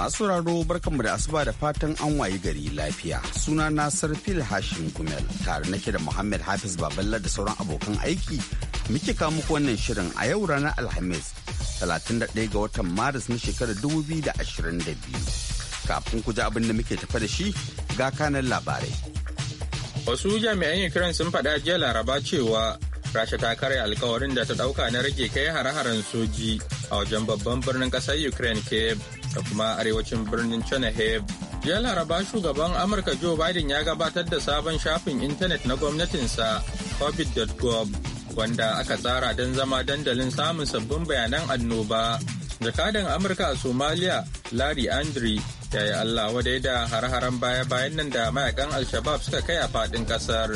Masu raro barkanmu da asuba da fatan an wayi gari lafiya. Suna nasar Fil Hashim Gumel tare nake da Muhammad Hafiz Baballa da sauran abokan aiki. Muke kawo muku wannan shirin a yau ranar Alhamis 31 ga watan Maris na shekarar 2022. Kafin ku ji abin da muke tafa da shi ga kanan labarai. Wasu jami'an Ukraine sun faɗa jiya Laraba cewa Rasha ta karya alkawarin da ta ɗauka na rage kai hare-haren soji a wajen babban birnin ƙasar Ukraine Kiev. da kuma arewacin birnin Chernihiv. Jiya Laraba shugaban Amurka Joe Biden ya gabatar da sabon shafin intanet na gwamnatinsa covid.gov wanda aka tsara don zama dandalin samun sabbin bayanan annoba. Jakadan Amurka a Somalia, Larry Andri, ya yi Allah wadai da har-haren baya-bayan nan da mayakan al suka kai a faɗin ƙasar,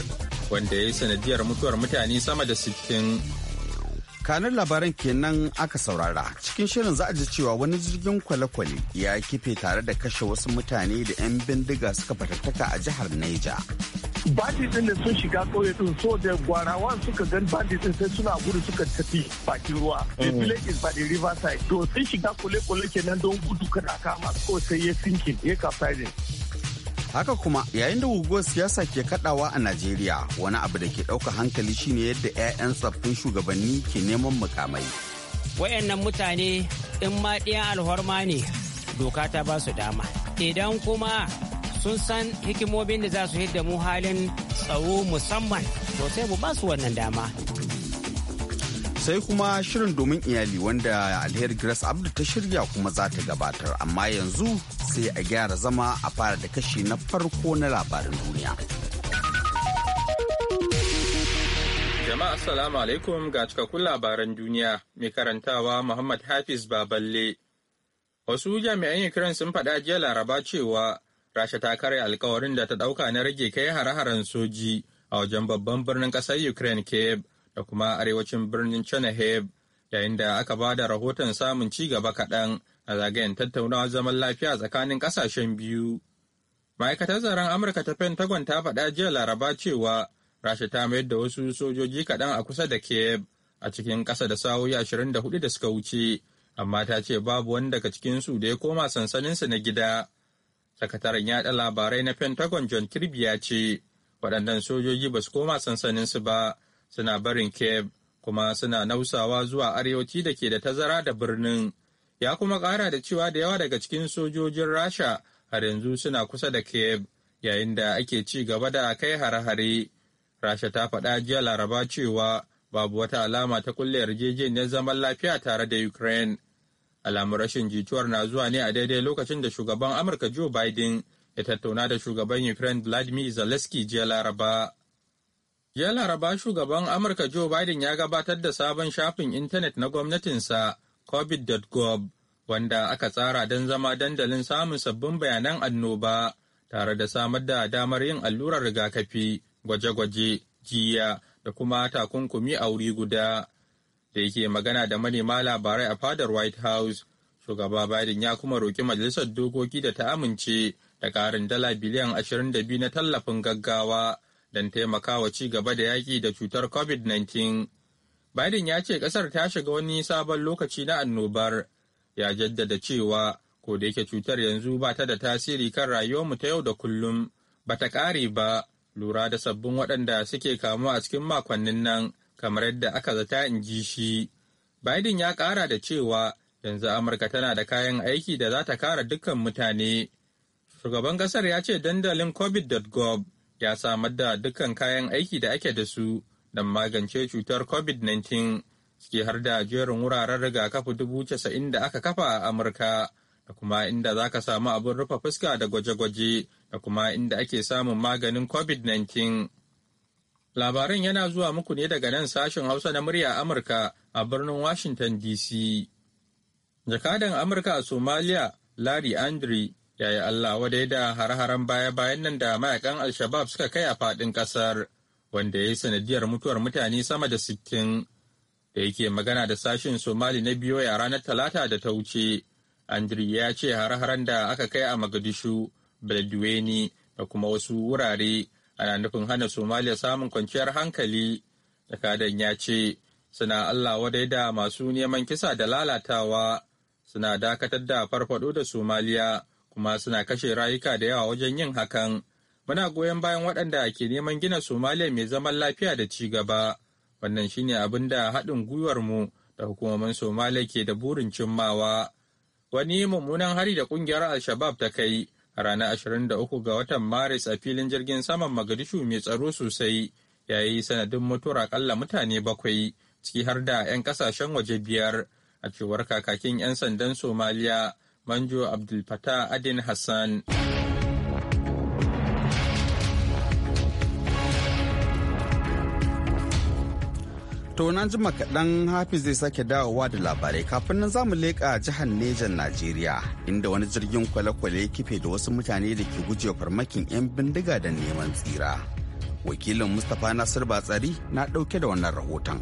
wanda ya yi sanadiyar mutuwar mutane sama da sittin. kanar labaran kenan aka saurara cikin shirin za a ji cewa wani jirgin kwale-kwale ya kife tare da kashe wasu mutane da 'yan bindiga suka fatattaka a jihar Neja. bandit din da sun shiga kauye din so da gwarawan suka gan bandit din sai suna gudu suka tafi bakin ruwa mm. the village is by the river side to sun shiga kule-kule kenan don gudu kada kama ko sai ya sinkin ya kafa haka kuma yayin da guguwar siyasa ke kadawa a najeriya wani abu da ke ɗauka hankali shine yadda 'ya'yan tsaffin shugabanni ke neman mukamai wayannan mutane in ma ɗiyan alhorma ne doka ta ba su dama idan kuma sun san hikimobin da za su hidda mu halin tsaro musamman to sai mu ba su wannan dama sai kuma shirin domin iyali wanda alheri grace abdu ta shirya kuma za ta gabatar amma yanzu sai a gyara zama a fara da kashi na farko na labarin duniya jama'a assalamu alaikum ga cikakkun labaran duniya mai karantawa muhammad hafiz baballe wasu jami'an ukraine sun faɗa jiya laraba cewa rasha ta karya alkawarin da ta ɗauka na rage kai hare-haren soji a wajen babban birnin ƙasar ukraine cape. da kuma arewacin birnin Chernihiv yayin da aka ba da rahoton samun ci gaba kaɗan a zagayen tattaunawa zaman lafiya tsakanin ƙasashen biyu. Ma'aikatar tsaron Amurka ta Pentagon ta faɗa jiya Laraba cewa Rasha ta mayar da wasu sojoji kaɗan a kusa da Kiev a cikin ƙasa da sa'o'i ashirin da hudu da suka wuce, amma ta ce babu wani daga cikinsu da ya koma sansaninsu na gida. Sakataren yaɗa labarai na Pentagon John Kirby ya ce, waɗannan sojoji ba su koma sansaninsu ba, suna barin Kiev kuma suna nausawa zuwa arewaci da ke da tazara da birnin. Ya kuma ƙara da cewa da yawa daga cikin sojojin Rasha har yanzu suna kusa da Kiev yayin da ake ci gaba da kai hare-hare. Rasha ta faɗa jiya Laraba cewa babu wata alama ta kulle yarjejeniyar zaman lafiya tare da Ukraine. Alamun rashin jituwar na zuwa ne a daidai lokacin da shugaban Amurka Joe Biden ya tattauna da shugaban Ukraine Vladimir Zelensky jiya Laraba. Ya laraba shugaban Amurka Joe Biden ya gabatar da sabon shafin intanet na gwamnatinsa covid.gov wanda aka tsara don zama dandalin samun sabbin bayanan annoba tare da samar da damar yin allurar rigakafi gwaje-gwaje jiya da kuma takunkumi a wuri guda da yake magana da manema labarai a fadar white house shugaba biden ya kuma roki majalisar dokoki da ta amince da karin dala biliyan 22 na tallafin gaggawa don taimakawa ci gaba da yaƙi da cutar COVID-19. Biden ya ce ƙasar ta shiga wani sabon lokaci na annobar, ya jaddada cewa ko da yake cutar yanzu ba ta da tasiri kan rayuwarmu ta yau da kullum, ba ta ƙare ba, lura da sabbin waɗanda suke kamuwa a cikin makonnin nan, kamar yadda aka zata in ji shi. Biden ya ƙara da cewa yanzu Amurka tana da kayan aiki da za ta kara dukkan mutane. Shugaban ƙasar ya ce dandalin covid.gov ya samar da dukkan kayan aiki da ake da su don magance cutar covid-19 ciki har da jerin wuraren rigakafi dubu casa'in da aka kafa a amurka da kuma inda za ka samu abin rufe fuska da gwaje-gwaje da kuma inda ake samun maganin covid-19 Labarin yana zuwa muku ne daga nan sashen hausa na murya amurka a birnin washington dc jakadan amurka a Somalia larry andre yayi Allah Allah ya da har-haren baya-bayan nan da mayakan Al-Shabab suka kai a faɗin ƙasar, wanda ya yi sanadiyar mutuwar mutane sama da sittin. Da yake magana da sashin Somali na biyo a ranar Talata da ta wuce, Andri ya ce har-haren da aka kai a Magadishu, Beledweyne da kuma wasu wurare ana nufin hana Somaliya samun kwanciyar hankali. Jakadan ya ce, suna Allah wadai da masu neman kisa da lalatawa, suna dakatar da farfado da Somaliya. kuma suna kashe rayuka da yawa wajen yin hakan. Muna goyon bayan waɗanda ke neman gina Somaliya mai zaman lafiya da ci gaba. Wannan shine abin da haɗin gwiwar mu da hukumomin Somaliya ke da burin cimmawa. Wani mummunan hari da ƙungiyar Al-Shabaab ta kai a ranar 23 ga watan Maris a filin jirgin saman Magadishu mai tsaro sosai ya yi sanadin mutuwar akalla mutane bakwai ciki har da 'yan kasashen waje biyar a cewar kakakin 'yan sandan Somaliya Manjo Abdul Fattah Adin Hassan. To na jima kaɗan Hafiz zai sake dawowa da labarai kafin nan zamu leƙa jihar Nejan Najeriya inda wani jirgin kwale-kwale ya kife da wasu mutane da ke gujewa farmakin 'yan bindiga da neman tsira. Wakilin Mustapha Nasir Batsari na ɗauke da wannan rahoton.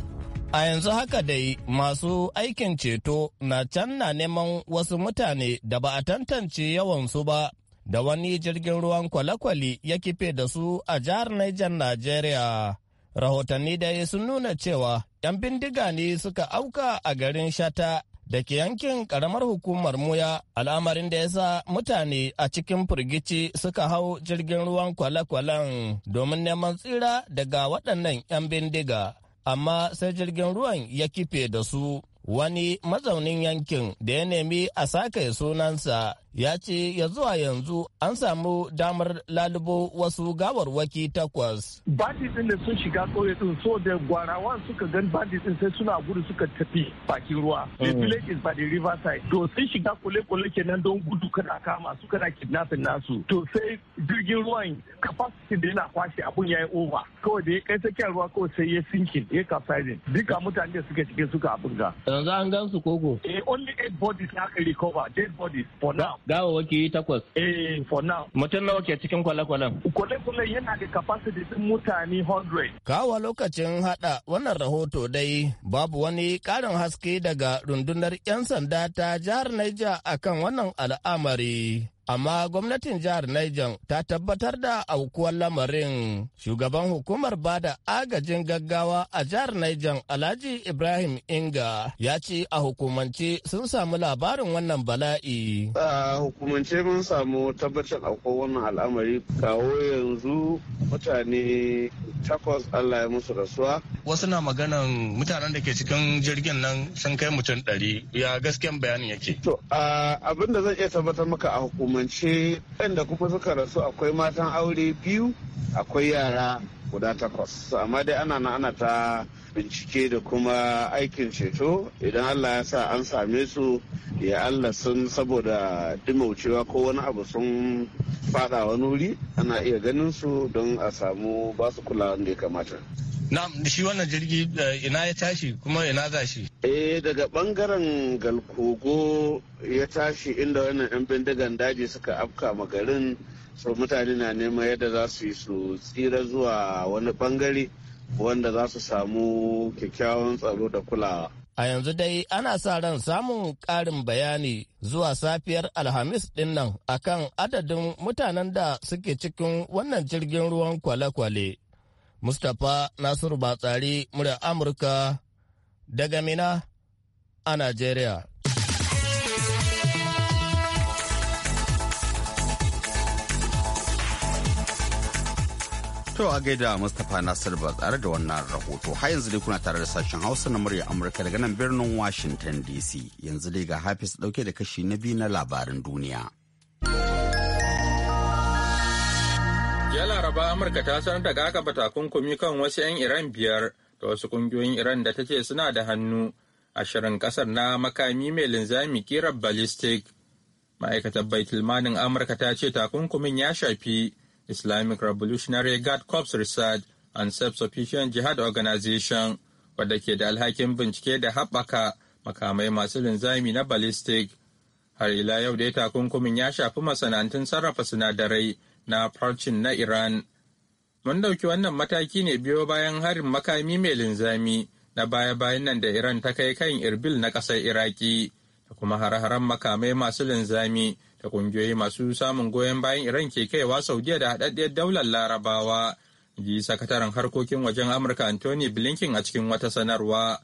A yanzu haka dai masu aikin ceto na can na neman wasu mutane da ba a tantance yawansu ba da wani jirgin ruwan kwale-kwale ya kife da su a jihar Niger Najeriya. Rahotanni dai sun nuna cewa 'yan bindiga ne suka auka a garin Shata da ke yankin karamar hukumar Muya al'amarin da ya sa mutane a cikin firgici suka hau jirgin ruwan kwale-kwalen domin neman tsira daga waɗannan 'yan bindiga. amma sai jirgin ruwan ya kife da su wani mazaunin yankin da ya nemi a sake sunansa ya ce ya zuwa yanzu an samu damar lalubo wasu gawar gawarwaki takwas. bandit ɗin da sun shiga ƙauye din so da gwarawan suka gan bandit ɗin sai suna gudu suka tafi bakin ruwa the mm. village is by the river side to sun shiga kole kule kenan don gudu kana kama su kana kidnapin nasu to sai jirgin ruwan capacity da yana kwashe abun ya yi over kawai da ya kai tsakiyar ruwa kawai sai ya sinkin ya capsizing duka mutane da suka cikin suka abun ga. yanzu an gan su koko. eh only eight bodies na aka recover dead bodies for now. gawawaki takwas. Eh, for now. Mutum nawa ke cikin kwale-kwalen? Kwale-kwalen yana da capacity din mutane 100. Kawa lokacin hada wannan rahoto dai babu wani ƙarin haske daga rundunar 'yan sanda ta jihar Niger akan wannan al'amari. amma gwamnatin jihar Niger ta tabbatar da aukuwar lamarin. Shugaban hukumar bada agajin gaggawa a jihar Niger Alhaji Ibrahim Inga ya ce a hukumance sun samu labarin wannan bala'i. A hukumance mun samu tabbatar aukuwar wannan al'amari kawo yanzu mutane takwas Allah ya musu rasuwa. Wasu na maganan mutanen da ke cikin jirgin nan sun kai mutum ɗari ya gasken bayanin yake. To abin da zan iya tabbatar maka a hukumance kasance waɗanda kuma suka rasu akwai matan aure biyu akwai yara guda takwas amma dai ana na ana ta bincike da kuma aikin ceto idan allah ya sa an same su ya allah sun saboda dimaucewa ko wani abu sun fada wani wuri ana iya ganin su don a samu basu kula da ya kamata Na shi wannan jirgi eh, ina ya tashi kuma ina za shi? Eh daga bangaren galkogo ya tashi inda wannan 'yan bindigan daji suka afka garin so mutane na neman yadda za su yi su tsira zuwa wani bangare wanda za su samu kyakkyawan tsaro da kulawa a yanzu dai ana sa ran samun ƙarin bayani zuwa safiyar alhamis din nan kan adadin mutanen da suke cikin wannan jirgin ruwan kwale-kwale mustapha nasiru batsari murya amurka daga mina a najeriya To a gaida Mustapha Nasir ba tsare da wannan rahoto har yanzu dai kuna tare da sashen Hausa na murya Amurka daga nan birnin Washington DC yanzu dai ga Hafiz dauke da kashi na biyu na labarin duniya. Ya laraba Amurka ta sanar da gagaba takunkumi kan wasu 'yan Iran biyar da wasu kungiyoyin Iran da ta ce suna da hannu a shirin kasar na makami mai linzami kirar ballistic. Ma'aikatar Baitulmanin Amurka ta ce takunkumin ya shafi islamic revolutionary guard corps research and self-sufficient jihad organization wadda ke da alhakin bincike da haɓaka makamai masu linzami na ballistic har ila yau dai takunkumin ya shafi masana'antun sarrafa sinadarai na farcin na iran mun ɗauki wannan mataki ne biyo bayan harin makami mai linzami na baya-bayan nan da iran ta kai kan irbil na ƙasar iraki da kuma har-haren makamai masu linzami da kungiyoyi masu samun goyon bayan Iran ke kaiwa Saudiya da haɗaɗɗiyar daular Larabawa, ji sakataren harkokin wajen Amurka Anthony Blinken a cikin wata sanarwa.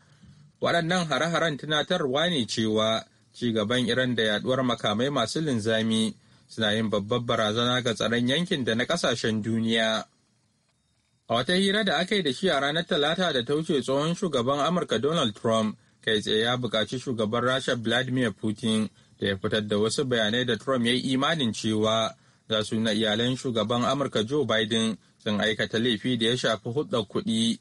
Waɗannan hare-haren tunatarwa ne cewa ci gaban Iran da yaɗuwar makamai masu linzami suna yin babbar barazana ga tsaron yankin da na ƙasashen duniya. A wata hira da aka yi da shi a ranar Talata da ta wuce tsohon shugaban Amurka Donald Trump kai tsaye ya buƙaci shugaban Rasha Vladimir Putin da ya fitar da wasu bayanai da Trump ya yi imanin cewa za su na iyalan shugaban Amurka Joe Biden sun aikata laifi da ya shafi hudda kuɗi.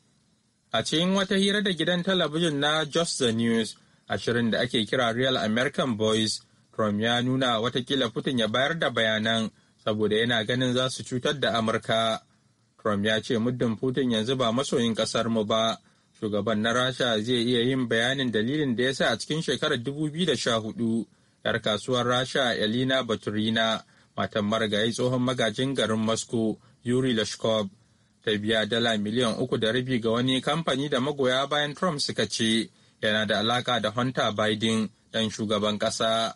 A cikin wata hira da gidan talabijin na Just the News, ashirin da ake kira Real American Boys, Trump ya nuna watakila Putin ya bayar da bayanan saboda yana ganin za su cutar da Amurka. Trump ya ce muddin Putin yanzu ba masoyin kasar mu ba, shugaban na Rasha zai iya yin bayanin dalilin da ya sa a cikin shekarar 2014 'yar kasuwar rasha elina baturina matan marigayi tsohon magajin garin moscow yuri lashkov ta biya dala miliyan uku da rabi ga wani kamfani da magoya bayan trump suka ce yana da alaka da hunter biden dan shugaban ƙasa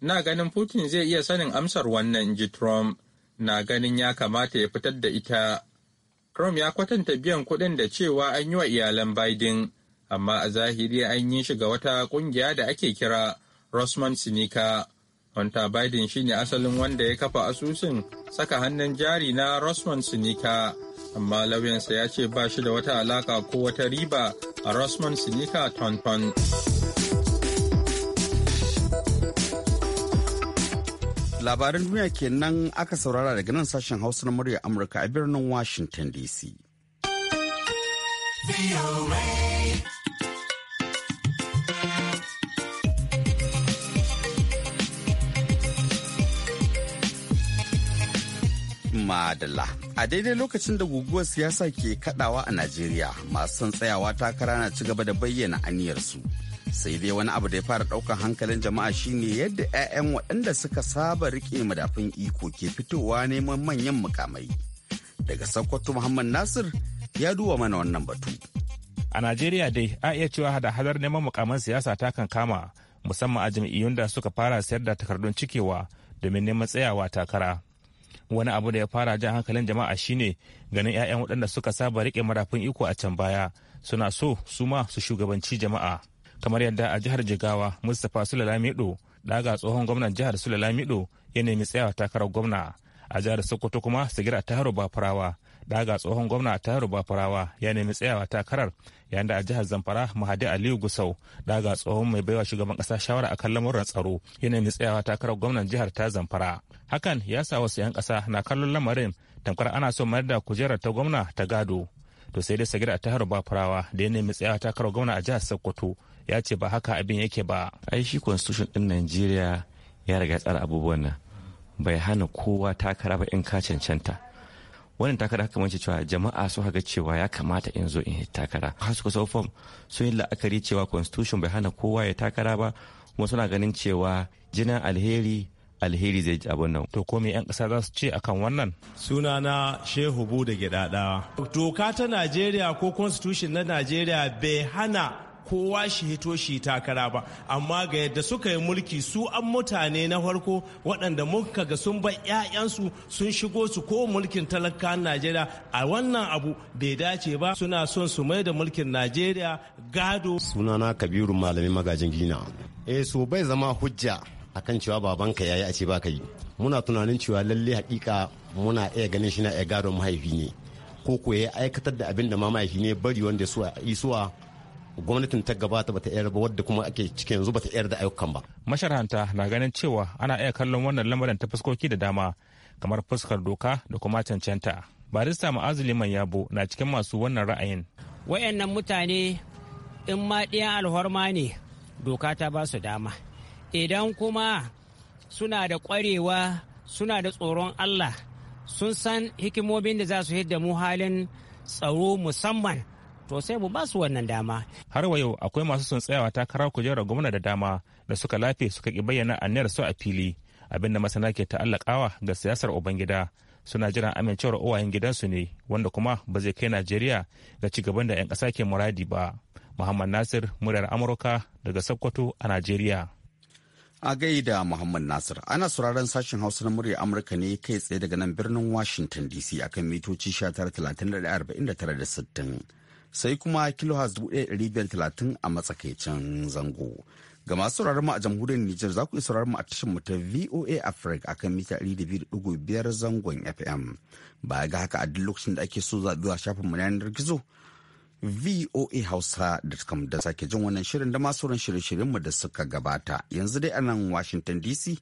na ganin putin zai iya sanin amsar wannan inji trump na ganin ya kamata ya fitar da ita trump ya kwatanta biyan kuɗin da cewa an yi wa iyalan biden amma a zahiri an yi shiga wata ƙungiya da ake kira Rosman Sinika, Hunter Biden shine asalin wanda ya kafa asusun saka hannun jari na Rosman Sinika, amma lauyansa ya ce ba shi da wata alaka ko wata riba a Rosman Sinika Tonton. Labaran duniya kenan aka saurara daga nan sashen Hausa na murya Amurka a birnin Washington DC. Madalla. A daidai lokacin da guguwar siyasa ke kadawa a Najeriya masu tsayawa takara na ci gaba da bayyana aniyarsu. Sai dai wani abu da ya fara ɗaukar hankalin jama'a shine yadda 'ya'yan waɗanda suka saba rike madafin iko ke fitowa neman manyan mukamai. Daga Sokoto Muhammad Nasir ya duba mana wannan batu. A Najeriya dai a iya cewa da hadar neman mukaman siyasa ta kan kama musamman a jam'iyyun da suka fara sayar da takardun cikewa domin neman tsayawa takara. wani abu da ya fara jan hankalin jama'a shine ganin 'ya'yan waɗanda suka saba riƙe marafin iko a can baya suna so su ma su shugabanci jama'a kamar yadda a jihar jigawa mustapha sulalamido daga tsohon gwamnan jihar sulalamido ya nemi tsayawa takarar gwamna a jihar sokoto kuma sigira haro bafarawa daga tsohon gwamna haro bafarawa ya nemi tsayawa takarar yayin da a jihar zamfara mahadi aliyu gusau daga tsohon mai baiwa shugaban kasa shawara akan lamuran tsaro yana mai tsayawa takarar gwamnan jihar ta zamfara hakan ya sa wasu 'yan kasa na kallon lamarin tamkar ana so mayar da kujerar ta gwamna ta gado to sai dai sagira a tahar bafarawa da ya nemi tsayawa takarar gwamna a jihar sokoto ya ce ba haka abin yake ba ai shi constitution din najeriya ya riga tsara abubuwan nan bai hana kowa takara ba in ka cancanta wannan takara haka mace cewa jama'a su haga cewa ya kamata in zo in yi takara har suka sau sun yi la'akari cewa constitution bai hana kowa ya takara ba kuma suna ganin cewa jinan alheri alheri zai ji abin nan. To me 'yan ƙasa za su ce akan wannan? Sunana Shehu Bude Gidada. Doka ta Najeriya ko Constitution na Najeriya bai hana kowa shi hito shi takara ba amma ga yadda suka yi mulki su an mutane na farko waɗanda muka ga sun bar 'ya'yansu sun shigo su ko mulkin talakan najeriya a wannan abu bai dace ba suna son su mai da mulkin najeriya gado sunana kabiru malami magajin gina eh so bai zama hujja akan cewa babanka yayi a ce ba ka yi muna tunanin cewa lalle hakika muna iya ganin shi na ya gado mahaifi ne ko ko ya aikatar da abin da mamaki ne bari wanda ya isuwa gwamnatin ta gabata bata yar ba wadda kuma ake cikin yanzu bata yar da ayyukan ba masharhanta na ganin cewa ana iya kallon wannan lamarin ta fuskoki da dama kamar fuskar doka da kuma cancanta barista ma'azu liman yabo na cikin masu wannan ra'ayin wayannan mutane in ma ɗiyan alhorma ne doka ta ba su dama idan kuma suna da ƙwarewa suna da tsoron allah sun san hikimomin da za su hidda mu halin tsaro musamman to sai mu ba su wannan dama. Har wa yau akwai masu son tsayawa takarar kujerar gwamna da dama da suka lafe suka ki bayyana aniyar su a fili abinda masana ke ta'allakawa ga siyasar Ubangida suna jiran amincewar uwayen gidansu ne wanda kuma ba zai kai Najeriya ga ci gaban da 'yan kasa ke muradi ba. Muhammad Nasir muryar Amurka daga Sokoto a Najeriya. A gaida Muhammad Nasir, ana sauraron sashen Hausa na murya Amurka ne kai tsaye daga nan birnin Washington DC akan mitoci 1931 da 60. sai kuma kilohaz 1530 a matsakaicin zango. Ga masu sauraron mu a jamhuriyar Nijar za ku yi mu a tashin mu ta VOA Africa akan mita 200.5 zangon FM. Ba ga haka a duk lokacin da ake so zaɓi a shafin mu na yanar gizo. VOA hausa da sake jin wannan shirin da masu ran shirin mu da suka gabata. Yanzu dai a nan Washington DC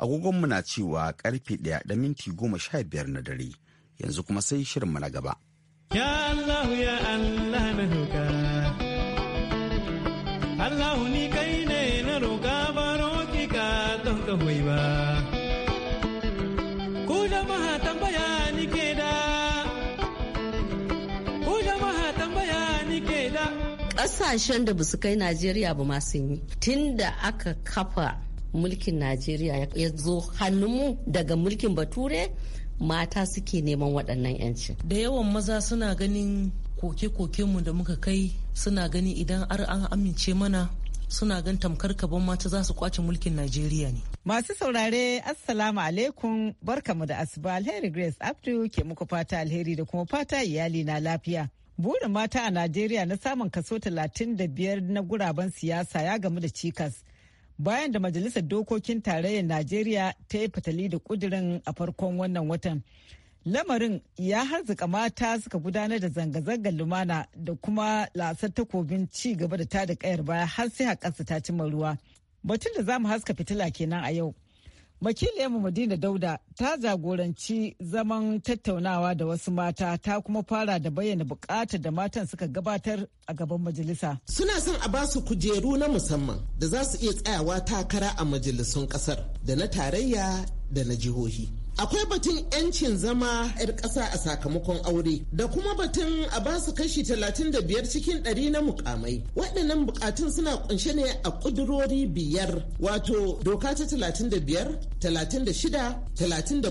agogon mu na cewa karfe 1 da minti 15 na dare. Yanzu kuma sai shirin mu na gaba. Ya Allah ya Allah na roƙa. Allah ni kai ne na roƙa baro ki ka don ka ba. Ku jama'a tambaya ni ke da. Ku jama'a tambaya ni ke da. Ƙasashen da basu kai Najeriya ba ma sun yi. da aka kafa mulkin Najeriya ya zo hannunmu daga mulkin Bature mata suke neman waɗannan 'yancin da yawan maza suna ganin koke mu da muka kai suna gani idan ar an amince mana suna gan tamkar kaban mata za su kwace mulkin Najeriya ne. Masu saurare Assalamu alaikum barka mu da asuba alheri Grace Abdu ke muku fata alheri da kuma fata iyali na lafiya. Burin mata a Najeriya na samun kaso talatin da biyar na guraben siyasa ya gamu da cikas bayan da majalisar dokokin tarayyar najeriya ta yi fitali da kudirin a farkon wannan watan lamarin ya harzika mata suka gudanar da zanga-zangar lumana da kuma lasar takobin ci gaba da tada kayar baya har sai haƙarsu ta cimma ruwa batun da za mu haska fitila kenan a yau Wakiliyarmu Madina Dauda ta zagoranci zaman tattaunawa da wasu mata ta kuma fara da bayyana bukatar da matan suka gabatar a gaban majalisa. Suna son a basu kujeru na musamman da za su iya tsayawa takara a majalisun kasar da na tarayya da na jihohi. akwai batun 'yancin zama 'yar ƙasa a sakamakon aure da kuma batun a ba su kashi 35 cikin 100 na mukamai waɗannan bukatun suna kunshe ne a ƙudurori biyar wato doka ta 35 36 37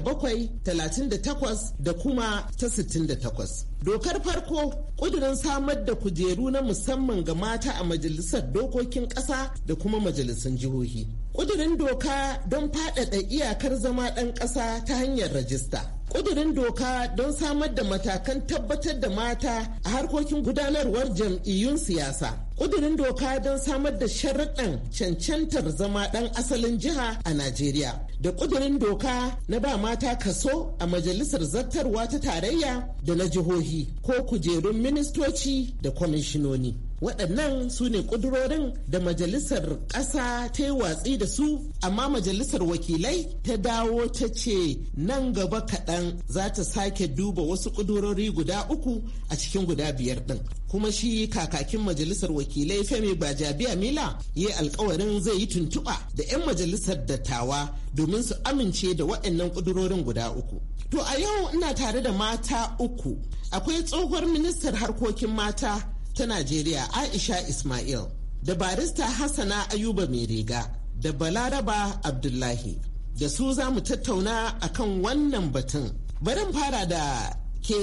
38 da kuma ta 68 dokar farko ƙudurin samar da kujeru na musamman ga mata a majalisar dokokin ƙasa da kuma majalisun jihohi ƙudurin doka don faɗaɗa iyakar zama ɗan ƙasa ta hanyar rajista ƙudurin doka don samar da matakan tabbatar da mata a harkokin gudanarwar jam'iyyun siyasa ƙudurin doka don samar da sharaɗan cancantar zama ɗan asalin jiha a Najeriya. Da ƙudurin doka na ba mata kaso a majalisar zartarwa ta tarayya da na jihohi ko kujerun ministoci da kwamishinoni. waɗannan su ne ƙudurorin da majalisar ƙasa ta yi watsi da su amma majalisar wakilai ta dawo ta ce nan gaba kaɗan za ta sake duba wasu ƙudurori guda uku a cikin guda biyar ɗin kuma shi kakakin majalisar wakilai femi gbajabiya mila ya alkawarin zai yi tuntuɓa da 'yan majalisar dattawa domin su amince da waɗannan ƙudurorin guda uku to a yau ina tare da mata uku akwai tsohuwar ministar harkokin mata ta najeriya aisha ismail da barista hassana ayuba mai riga da balaraba abdullahi da su za mu tattauna akan wannan batun barin fara da ke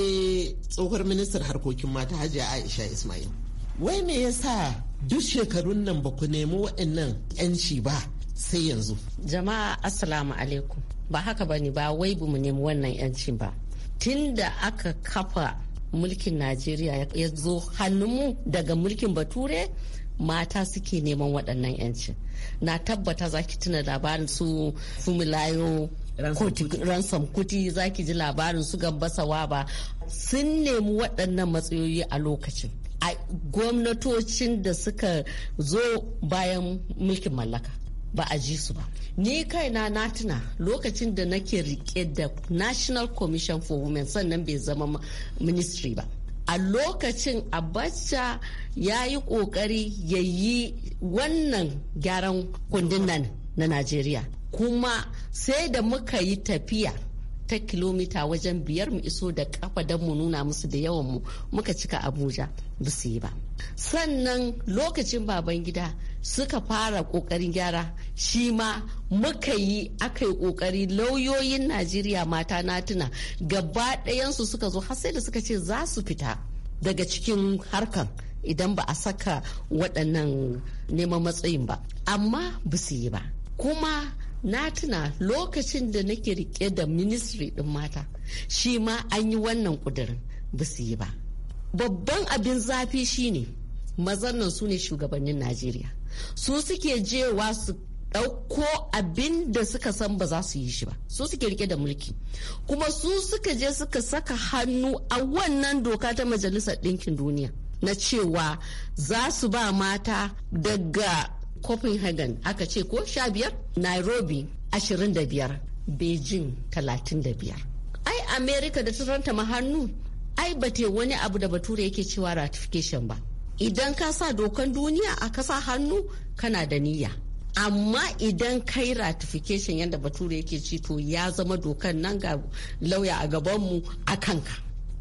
tsohuwar ministar harkokin mata hajiya aisha ismail wai me yasa duk shekarun nan ba ku nemi waɗannan 'yanci ba sai yanzu jama'a assalamu alaikum ba haka ba ne ba wai bu mu nemi wannan 'yanci ba tun da aka kafa mulkin najeriya ya zo hannunmu daga mulkin bature mata suke neman waɗannan yanci na tabbata za ki tuna labarin su fumilayo ransom kuti za ki ji labarin su gambasawa ba sun nemi waɗannan matsayoyi a lokacin a gwamnatocin da suka zo bayan mulkin mallaka ba a ji su ba ni kaina na tuna lokacin da nake rike da national commission for women sannan bai zama ministry ba a lokacin abacha ya yi kokari ya yi wannan gyaran kundin nan na najeriya kuma sai da muka yi tafiya ta kilomita wajen biyar mu iso da kafa don mu nuna musu da yawan mu muka cika abuja ba su yi ba sannan lokacin baban gida suka fara kokarin gyara shi ma muka yi aka yi kokari lauyoyin najeriya mata na tuna gaba ɗayansu suka zo har sai da suka ce za su fita daga cikin harkan idan ba a saka waɗannan neman matsayin ba amma ba su yi ba kuma na tuna lokacin da nake rike da ministry din mata shi ma an yi wannan kudirin ba su yi ba babban abin zafi shine mazan nan su ne shugabannin najeriya su suke jewa su ɗauko abin da suka san ba za su yi shi ba su suke rike da mulki kuma su suka je suka saka hannu a wannan doka ta majalisar ɗinkin duniya na cewa za su ba mata daga copenhagen aka ce ko sha biyar nairobi ashirin da biyar beijing talatin da biyar ai america da turanta ma hannu ai ba te wani abu da bature yake cewa ratification ba idan ka sa dokan duniya a kasa hannu kana da niyya amma idan kai ratification yadda bature yake ci to ya zama dokan nan ga lauya a gabanmu a kanka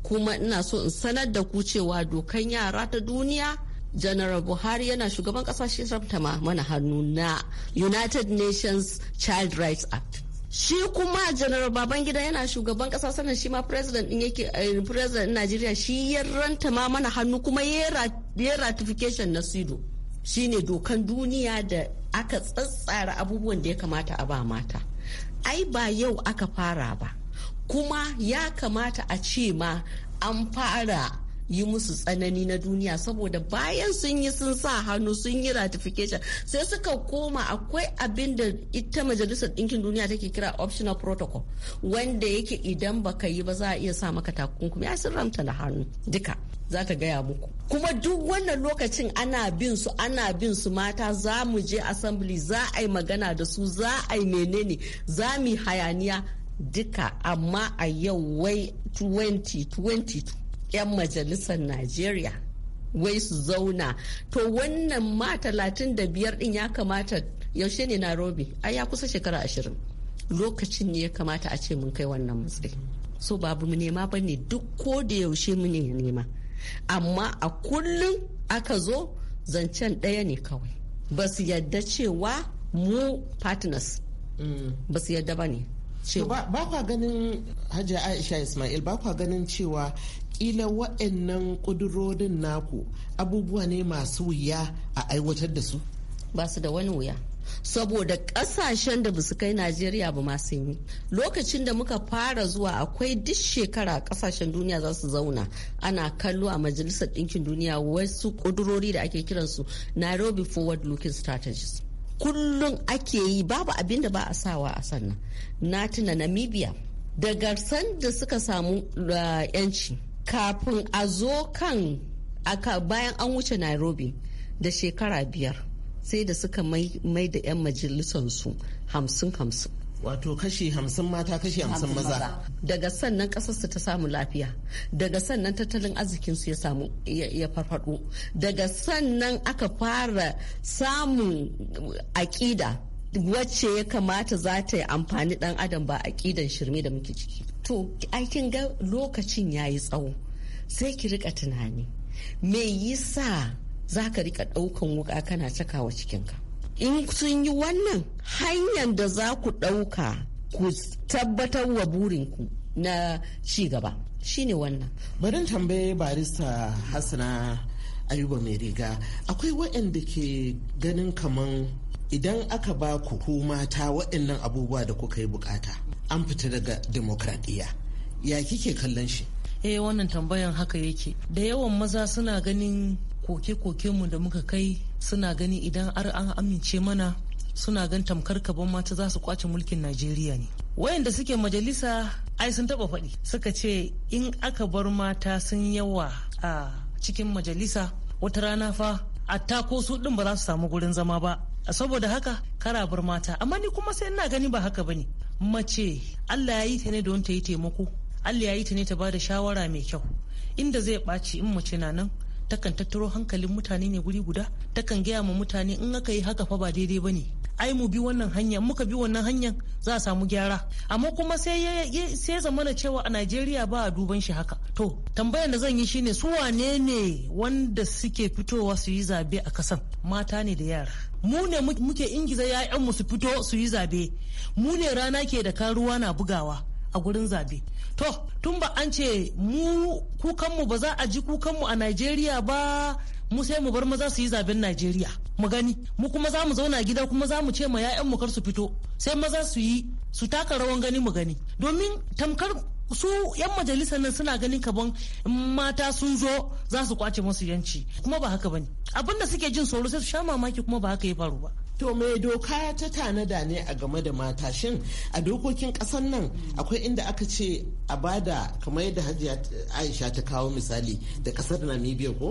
kuma ina so in sanar da ku cewa dokan yara ta duniya janaral buhari yana shugaban kasa shi mana hannu na united nations child rights act shi kuma general babangida yana shugaban kasa sannan shi ma president din yake eh, president najeriya shi ya ranta ma mana hannu kuma ya ratification na sido ne dokan duniya da aka tsatsara abubuwan da ya kamata a ba mata ai ba yau aka fara ba kuma ya kamata a ce ma an fara yi musu tsanani na duniya saboda bayan sun yi sun sa hannu sun yi ratification sai suka koma akwai abin da ita majalisar ɗinkin duniya take kira optional protocol wanda yake idan baka yi ba za a iya sa maka takunkumi ya sun ramta da hannu duka za ta gaya muku kuma duk wannan lokacin ana bin su ana bin su mata za mu je assembly za a yi magana da su za a yi menene za mu yi hayaniya duka amma a yau wai 2022 'yan majalisar Najeriya wai su zauna to wannan ma talatin da biyar din ya kamata yaushe ne Nairobi a ya kusa shekara ashirin lokacin ne ya kamata a ce mun kai wannan matsayi so babu mu nema ba ne duk ko da yaushe mu ne nema amma a kullum aka zo zancen ɗaya ne kawai ba su yadda cewa mu partners mm. ba su yadda ba ne ba kwa ganin hajji aisha ismail ba kwa ganin cewa kila wa'annan kudurorin naku abubuwa ne masu wuya a aiwatar da su ba su da wani wuya saboda ƙasashen da basu kai najeriya ba masu yi lokacin da muka fara zuwa akwai duk shekara ƙasashen duniya za su zauna ana kallo a majalisar ɗinkin duniya wasu ƙudurori da ake kiransu nairobi forward looking strategies kullum ake yi babu abin da ba a sawa a sannan na tuna namibia daga da suka samu eh, yanci kafin a zo kan aka bayan an wuce nairobi da shekara biyar sai da suka mai da 'yan majalisansu hamsin hamsin wato kashi hamsin mata kashi hamsin maza daga sannan kasarsu ta samu lafiya daga sannan tattalin arzikinsu ya samu ya farfado daga sannan aka fara samun aƙida wacce ya kamata za ta yi amfani dan adam ba a kidan shirme da muke ciki to aikin ga lokacin ya yi tsawo sai ki rika tunani me yasa za ka rika ɗaukan wuka kana cakawa cikinka in sun yi wannan hanyar da za ku ɗauka ku tabbatar wa burinku na ci gaba shine wannan bari tambaye barista hasana ayuba mai riga akwai waɗanda ke ganin kaman idan aka ba ku ku mata waɗannan abubuwa da kuka yi bukata an fita daga demokradiyya ya kike kallon shi eh wannan tambayan haka yake da yawan maza suna ganin koke-koke mu da muka kai suna gani idan ar an amince mana suna gan tamkar kaban mata za su kwace mulkin najeriya ne wayanda suke majalisa ai sun taba faɗi suka ce in aka bar mata sun yawa a cikin majalisa wata rana fa a tako su ɗin ba za su samu gurin zama ba saboda haka bar mata amma ni kuma sai ina gani ba haka bane mace Allah ya yi ta ne don ta yi taimako Allah ya yi ta ne ta bada shawara mai kyau inda zai ɓaci in mace na nan takan tattaro hankalin mutane ne guri guda takan gaya ma mutane in aka yi haka fa ba daidai ba ne ai mu bi wannan hanyar muka bi wannan hanyar za a samu gyara amma kuma sai ya zamana cewa a najeriya ba a duban shi haka to tambayar da zan yi shine su wane ne wanda suke fitowa su yi zabe a kasan mata ne da yara mu ne muke ingiza 'ya'yanmu su fito su yi zabe mu ne rana ke da karuwa na bugawa a gurin zabe to tun ba an ce mu kukanmu ba za a ji mu a najeriya ba mu sai mu bar maza su yi zaben najeriya mu gani mu kuma za mu zauna gida kuma za mu ce ma mu kar su fito sai maza su yi su taka rawan gani mu gani domin tamkar su 'yan majalisar nan suna ganin kaban mata sun zo za su kwace masu yanci kuma ba haka bane abinda suke jin tsoro sai su sha mamaki kuma ba haka ya faru ba To mai doka ta tanada ne a game da mata shin a dokokin kasan nan akwai inda aka ce a bada kamar yadda hajiya Aisha ta kawo misali da kasar Namibia ko?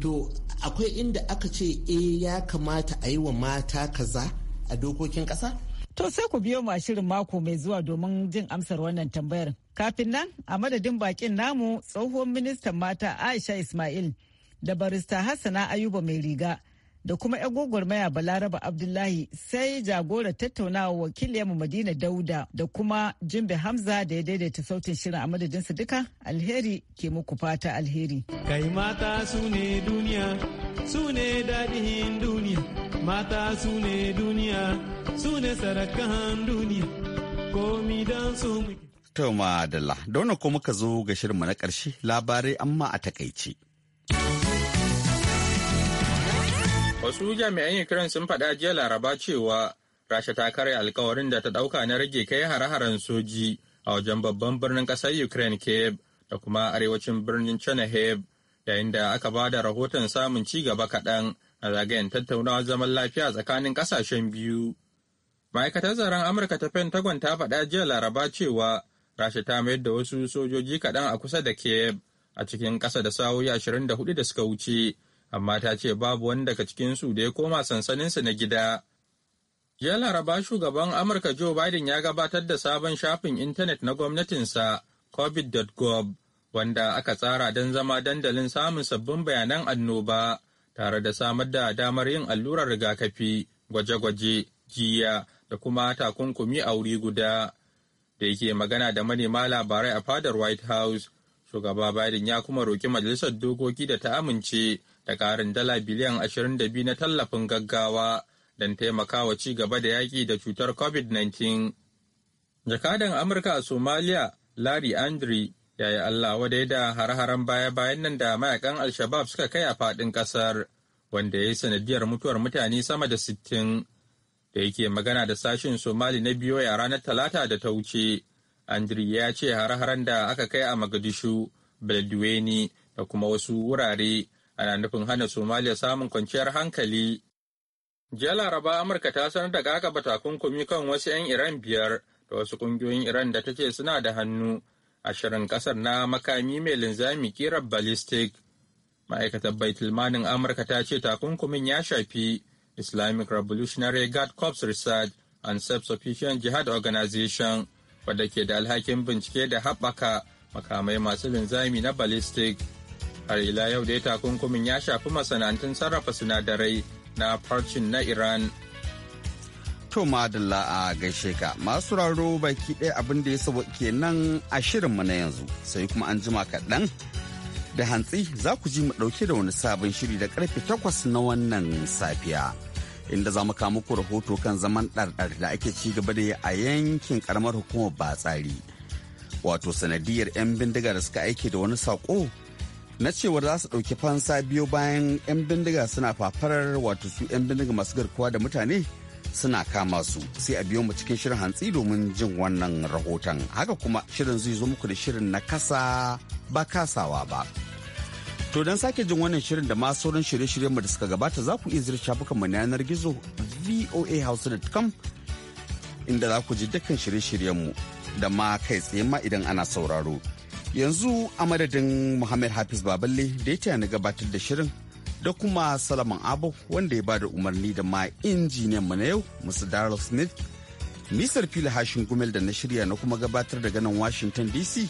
To akwai inda aka ce e ya kamata a yi wa mata kaza a dokokin kasa? To sai ku biyo shirin mako mai zuwa domin jin amsar wannan tambayar. Kafin nan a madadin bakin namu tsohon ministan mata Aisha Ismail da barista Hassana Ayuba mai riga. da kuma 'yan gwagwarmaya balaraba abdullahi sai jagora tattaunawa wakiliyarmu madina dauda da kuma jimbe hamza da ya daidaita sautin shirin a madadinsu duka alheri ke muku fata alheri kai mata su ne duniya su ne daɗin duniya mata su ne duniya su ne sarakan duniya komi don su muke. Adalla, da ko muka zo ga shirinmu na karshe labarai amma a takaice. Wasu jami'an Ukraine sun faɗa jiya Laraba cewa Rasha ta karya alkawarin da ta ɗauka na rage kai hare-haren soji a wajen babban birnin ƙasar Ukraine Kiev da kuma arewacin birnin Chernihiv yayin da aka ba da rahoton samun ci gaba kaɗan a zagayen tattaunawar zaman lafiya tsakanin ƙasashen biyu. Ma'aikatar tsaron Amurka ta Pentagon ta faɗa jiya Laraba cewa Rasha ta mayar da wasu sojoji kaɗan a kusa da Kiev a cikin ƙasa da sa'o'i 24 da suka wuce amma ta ce babu wani daga cikinsu da ya koma sansaninsu na gida. Jiya Laraba shugaban Amurka Joe Biden ya gabatar da sabon shafin intanet na gwamnatinsa covid.gov wanda aka tsara don zama dandalin samun sabbin bayanan annoba tare da samar da damar yin allurar rigakafi, gwaje-gwaje, jiya da kuma takunkumi a wuri guda. Da yake magana da manema labarai a fadar White House, shugaba Biden ya kuma roki majalisar dokoki da ta amince da ƙarin dala biliyan 22 na tallafin gaggawa don taimakawa ci gaba da yaƙi da cutar COVID-19. Jakadan Amurka a Somalia, Larry Andri, ya yi Allah wadai da har-haren baya-bayan nan da mayakan al suka kai a faɗin ƙasar, wanda ya yi sanadiyar mutuwar mutane sama da sittin. Da yake magana da sashen Somali na biyo a ranar Talata da ta wuce, Andri ya ce har-haren da aka kai a Magadishu, Beledweyne da kuma wasu wurare ana nufin hana somalia samun kwanciyar hankali jiya laraba amurka ta sanar da gagaba takunkumi kan wasu 'yan iran biyar da wasu ƙungiyoyin iran da ta ce suna da hannu a shirin ƙasar na makami mai linzami kira ballistic ma'aikatar baitulmanin amurka ta ce takunkumin ya shafi islamic revolutionary guard corps research and self-sufficient jihad organization wadda ke da alhakin bincike da haɓaka makamai masu linzami na ballistic har ila yau dai takunkumin ya shafi masana'antun sarrafa sinadarai na farcin na iran to madalla a gaishe ka masu raro baki ɗaya abin da ya sabo nan a shirinmu na yanzu sai kuma an jima kaɗan da hantsi za ku ji mu ɗauke da wani sabon shiri da ƙarfe takwas na wannan safiya inda za mu kawo muku rahoto kan zaman ɗarɗar da ake ci gaba da a yankin ƙaramar hukumar batsari wato sanadiyar 'yan bindiga da suka aike da wani sako. na cewar za su ɗauki fansa biyu bayan 'yan bindiga suna fafarar wato su 'yan bindiga masu garkuwa da mutane suna kama su sai a biyo mu cikin shirin hantsi domin jin wannan rahoton haka kuma shirin zai zo muku da shirin na kasa ba kasawa ba to don sake jin wannan shirin da ma sauran shirye-shiryen mu da suka gabata za ku iya zira shafukan mu na yanar gizo voahouse.com inda za ku ji dukkan shirye-shiryen mu da ma kai tsaye ma idan ana sauraro yanzu a madadin muhammad hafiz baballe da ya taya na gabatar da shirin da kuma salaman abu wanda ya ba da umarni da ma injiniyan mu na yau mr daryl smith nisar fili hashin gumel da na shirya na kuma gabatar daga nan washington dc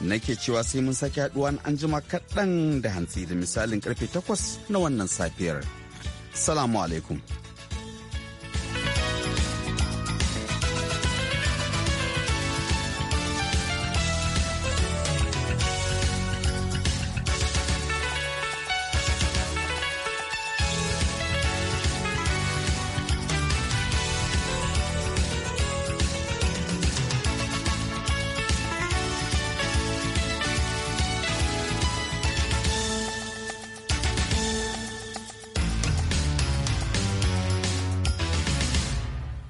nake cewa sai mun sake haduwa an jima kaɗan da hantsi da misalin karfe takwas na wannan safiyar salamu alaikum